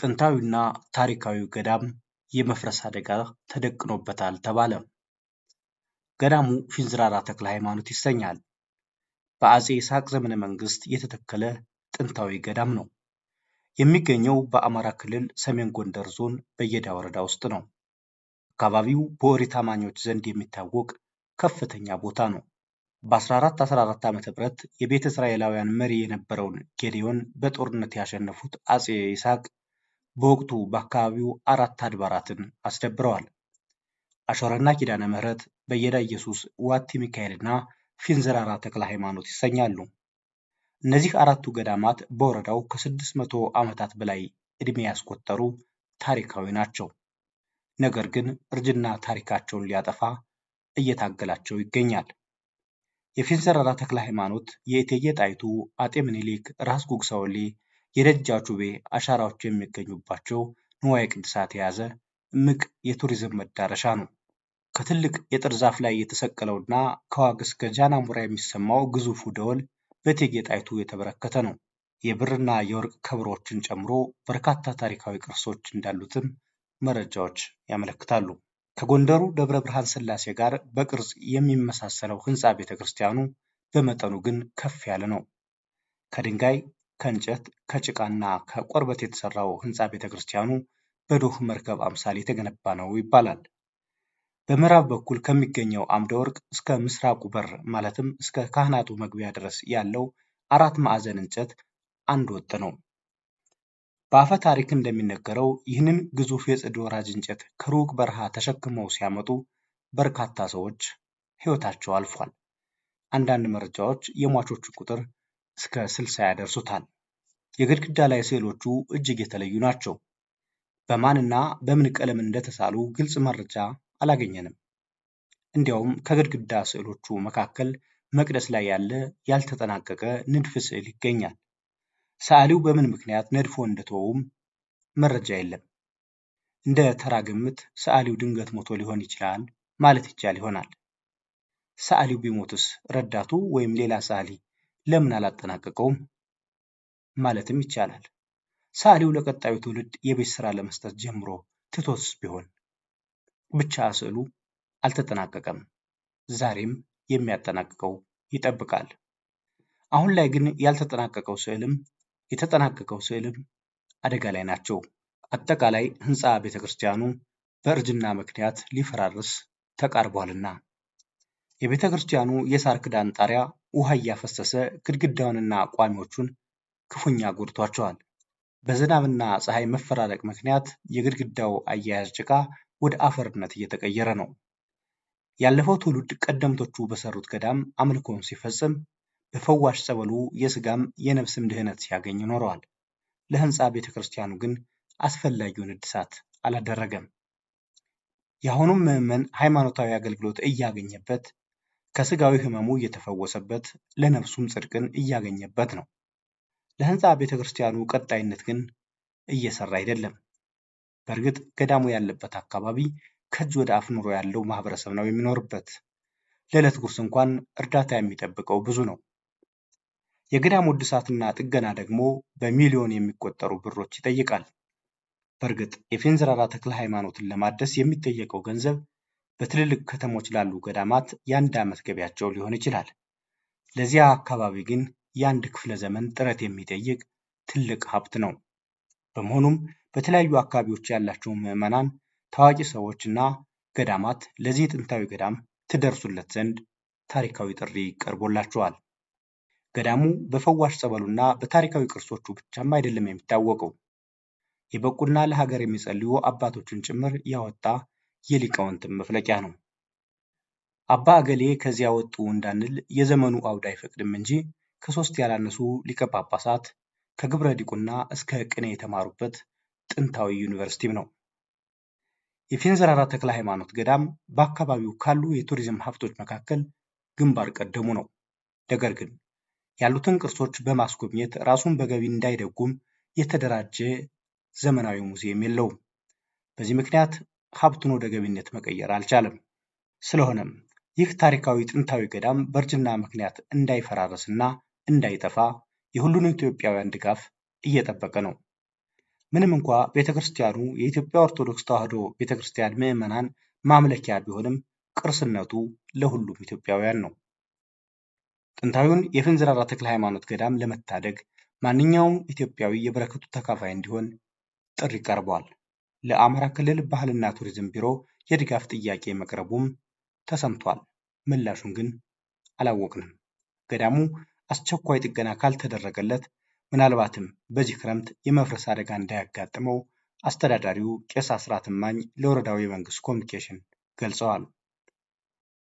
ጥንታዊውና ታሪካዊው ገዳም የመፍረስ አደጋ ተደቅኖበታል ተባለ። ገዳሙ ፊንዝራራ ተክለ ሃይማኖት ይሰኛል። በአጼ ይስሐቅ ዘመነ መንግስት የተተከለ ጥንታዊ ገዳም ነው። የሚገኘው በአማራ ክልል ሰሜን ጎንደር ዞን በየዳ ወረዳ ውስጥ ነው። አካባቢው በኦሪት አማኞች ዘንድ የሚታወቅ ከፍተኛ ቦታ ነው። በ1414 ዓ ም የቤተ እስራኤላውያን መሪ የነበረውን ጌዲዮን በጦርነት ያሸነፉት አጼ ይስሐቅ በወቅቱ በአካባቢው አራት አድባራትን አስደብረዋል። አሸረና ኪዳነ ምሕረት፣ በየዳ ኢየሱስ፣ ዋቲ ሚካኤልና ፊንዘራራ ተክለ ሃይማኖት ይሰኛሉ። እነዚህ አራቱ ገዳማት በወረዳው ከ መቶ ዓመታት በላይ ዕድሜ ያስቆጠሩ ታሪካዊ ናቸው። ነገር ግን እርጅና ታሪካቸውን ሊያጠፋ እየታገላቸው ይገኛል። የፊንዘራራ ተክለ ሃይማኖት የእቴጌ ጣይቱ፣ አጤ ምኒልክ፣ ራስ ጉግ ሰወሌ የደጃች አሻራዎች የሚገኙባቸው ንዋየ ቅድሳት የያዘ እምቅ የቱሪዝም መዳረሻ ነው። ከትልቅ የጥድ ዛፍ ላይ የተሰቀለውና ከዋግ እስከ ጃናሞራ የሚሰማው ግዙፉ ደወል በእቴጌ ጣይቱ የተበረከተ ነው። የብርና የወርቅ ከበሮዎችን ጨምሮ በርካታ ታሪካዊ ቅርሶች እንዳሉትም መረጃዎች ያመለክታሉ። ከጎንደሩ ደብረ ብርሃን ሥላሴ ጋር በቅርጽ የሚመሳሰለው ሕንፃ ቤተ ክርስቲያኑ በመጠኑ ግን ከፍ ያለ ነው። ከድንጋይ ከእንጨት ከጭቃና ከቆርበት የተሰራው ሕንፃ ቤተ ክርስቲያኑ በዶፍ መርከብ አምሳል የተገነባ ነው ይባላል። በምዕራብ በኩል ከሚገኘው አምደ ወርቅ እስከ ምስራቁ በር ማለትም እስከ ካህናቱ መግቢያ ድረስ ያለው አራት ማዕዘን እንጨት አንድ ወጥ ነው። በአፈ ታሪክ እንደሚነገረው ይህንን ግዙፍ የጽድ ወራጅ እንጨት ከሩቅ በረሃ ተሸክመው ሲያመጡ በርካታ ሰዎች ሕይወታቸው አልፏል። አንዳንድ መረጃዎች የሟቾቹ ቁጥር እስከ 60 ያደርሱታል። የግድግዳ ላይ ስዕሎቹ እጅግ የተለዩ ናቸው። በማንና በምን ቀለም እንደተሳሉ ግልጽ መረጃ አላገኘንም። እንዲያውም ከግድግዳ ስዕሎቹ መካከል መቅደስ ላይ ያለ ያልተጠናቀቀ ንድፍ ስዕል ይገኛል። ሰዓሊው በምን ምክንያት ነድፎ እንደተወውም መረጃ የለም። እንደ ተራ ግምት ሰዓሊው ድንገት ሞቶ ሊሆን ይችላል ማለት ይቻል ይሆናል። ሰዓሊው ቢሞትስ ረዳቱ ወይም ሌላ ሰዓሊ ለምን አላጠናቀቀውም ማለትም ይቻላል። ሰዓሊው ለቀጣዩ ትውልድ የቤት ስራ ለመስጠት ጀምሮ ትቶስ ቢሆን ብቻ ስዕሉ አልተጠናቀቀም። ዛሬም የሚያጠናቅቀው ይጠብቃል። አሁን ላይ ግን ያልተጠናቀቀው ስዕልም የተጠናቀቀው ስዕልም አደጋ ላይ ናቸው። አጠቃላይ ህንፃ ቤተክርስቲያኑ በእርጅና ምክንያት ሊፈራርስ ተቃርቧልና የቤተ ክርስቲያኑ የሳር ክዳን ጣሪያ ውሃ እያፈሰሰ ግድግዳውንና ቋሚዎቹን ክፉኛ ጎድቷቸዋል። በዝናብና ፀሐይ መፈራረቅ ምክንያት የግድግዳው አያያዝ ጭቃ ወደ አፈርነት እየተቀየረ ነው። ያለፈው ትውልድ ቀደምቶቹ በሰሩት ገዳም አምልኮን ሲፈጽም በፈዋሽ ጸበሉ የስጋም የነፍስም ድህነት ሲያገኝ ኖረዋል። ለህንፃ ቤተ ክርስቲያኑ ግን አስፈላጊውን እድሳት አላደረገም። የአሁኑም ምዕመን ሃይማኖታዊ አገልግሎት እያገኘበት ከስጋዊ ሕመሙ እየተፈወሰበት ለነፍሱም ጽድቅን እያገኘበት ነው። ለህንፃ ቤተ ክርስቲያኑ ቀጣይነት ግን እየሰራ አይደለም። በእርግጥ ገዳሙ ያለበት አካባቢ ከእጅ ወደ አፍ ኑሮ ያለው ማህበረሰብ ነው የሚኖርበት። ለዕለት ጉርስ እንኳን እርዳታ የሚጠብቀው ብዙ ነው። የገዳሙ እድሳትና ጥገና ደግሞ በሚሊዮን የሚቆጠሩ ብሮች ይጠይቃል። በእርግጥ የፌንዝራራ ተክለ ሃይማኖትን ለማደስ የሚጠየቀው ገንዘብ በትልልቅ ከተሞች ላሉ ገዳማት የአንድ ዓመት ገቢያቸው ሊሆን ይችላል። ለዚያ አካባቢ ግን የአንድ ክፍለ ዘመን ጥረት የሚጠይቅ ትልቅ ሀብት ነው። በመሆኑም በተለያዩ አካባቢዎች ያላቸው ምዕመናን፣ ታዋቂ ሰዎች እና ገዳማት ለዚህ ጥንታዊ ገዳም ትደርሱለት ዘንድ ታሪካዊ ጥሪ ቀርቦላቸዋል። ገዳሙ በፈዋሽ ጸበሉና በታሪካዊ ቅርሶቹ ብቻም አይደለም የሚታወቀው የበቁና ለሀገር የሚጸልዩ አባቶችን ጭምር ያወጣ የሊቃውንትም መፍለቂያ ነው። አባ እገሌ ከዚያ ወጡ እንዳንል የዘመኑ አውድ አይፈቅድም እንጂ ከሶስት ያላነሱ ሊቀ ጳጳሳት ከግብረ ዲቁና እስከ ቅኔ የተማሩበት ጥንታዊ ዩኒቨርሲቲም ነው። የፊንዘራራ ተክለ ሃይማኖት ገዳም በአካባቢው ካሉ የቱሪዝም ሀብቶች መካከል ግንባር ቀደሙ ነው። ነገር ግን ያሉትን ቅርሶች በማስጎብኘት ራሱን በገቢ እንዳይደጉም የተደራጀ ዘመናዊ ሙዚየም የለውም። በዚህ ምክንያት ሀብቱን ወደ ገቢነት መቀየር አልቻለም። ስለሆነም ይህ ታሪካዊ ጥንታዊ ገዳም በእርጅና ምክንያት እንዳይፈራረስና እንዳይጠፋ የሁሉንም ኢትዮጵያውያን ድጋፍ እየጠበቀ ነው። ምንም እንኳ ቤተ ክርስቲያኑ የኢትዮጵያ ኦርቶዶክስ ተዋሕዶ ቤተ ክርስቲያን ምዕመናን ማምለኪያ ቢሆንም ቅርስነቱ ለሁሉም ኢትዮጵያውያን ነው። ጥንታዊውን የፍንዝራራ ተክለ ሃይማኖት ገዳም ለመታደግ ማንኛውም ኢትዮጵያዊ የበረከቱ ተካፋይ እንዲሆን ጥሪ ቀርቧል። ለአማራ ክልል ባህልና ቱሪዝም ቢሮ የድጋፍ ጥያቄ መቅረቡም ተሰምቷል። ምላሹን ግን አላወቅንም። ገዳሙ አስቸኳይ ጥገና ካልተደረገለት ምናልባትም በዚህ ክረምት የመፍረስ አደጋ እንዳያጋጥመው አስተዳዳሪው ቄስ አስራት እማኝ ለወረዳው የመንግስት ኮሚኒኬሽን ገልጸዋል።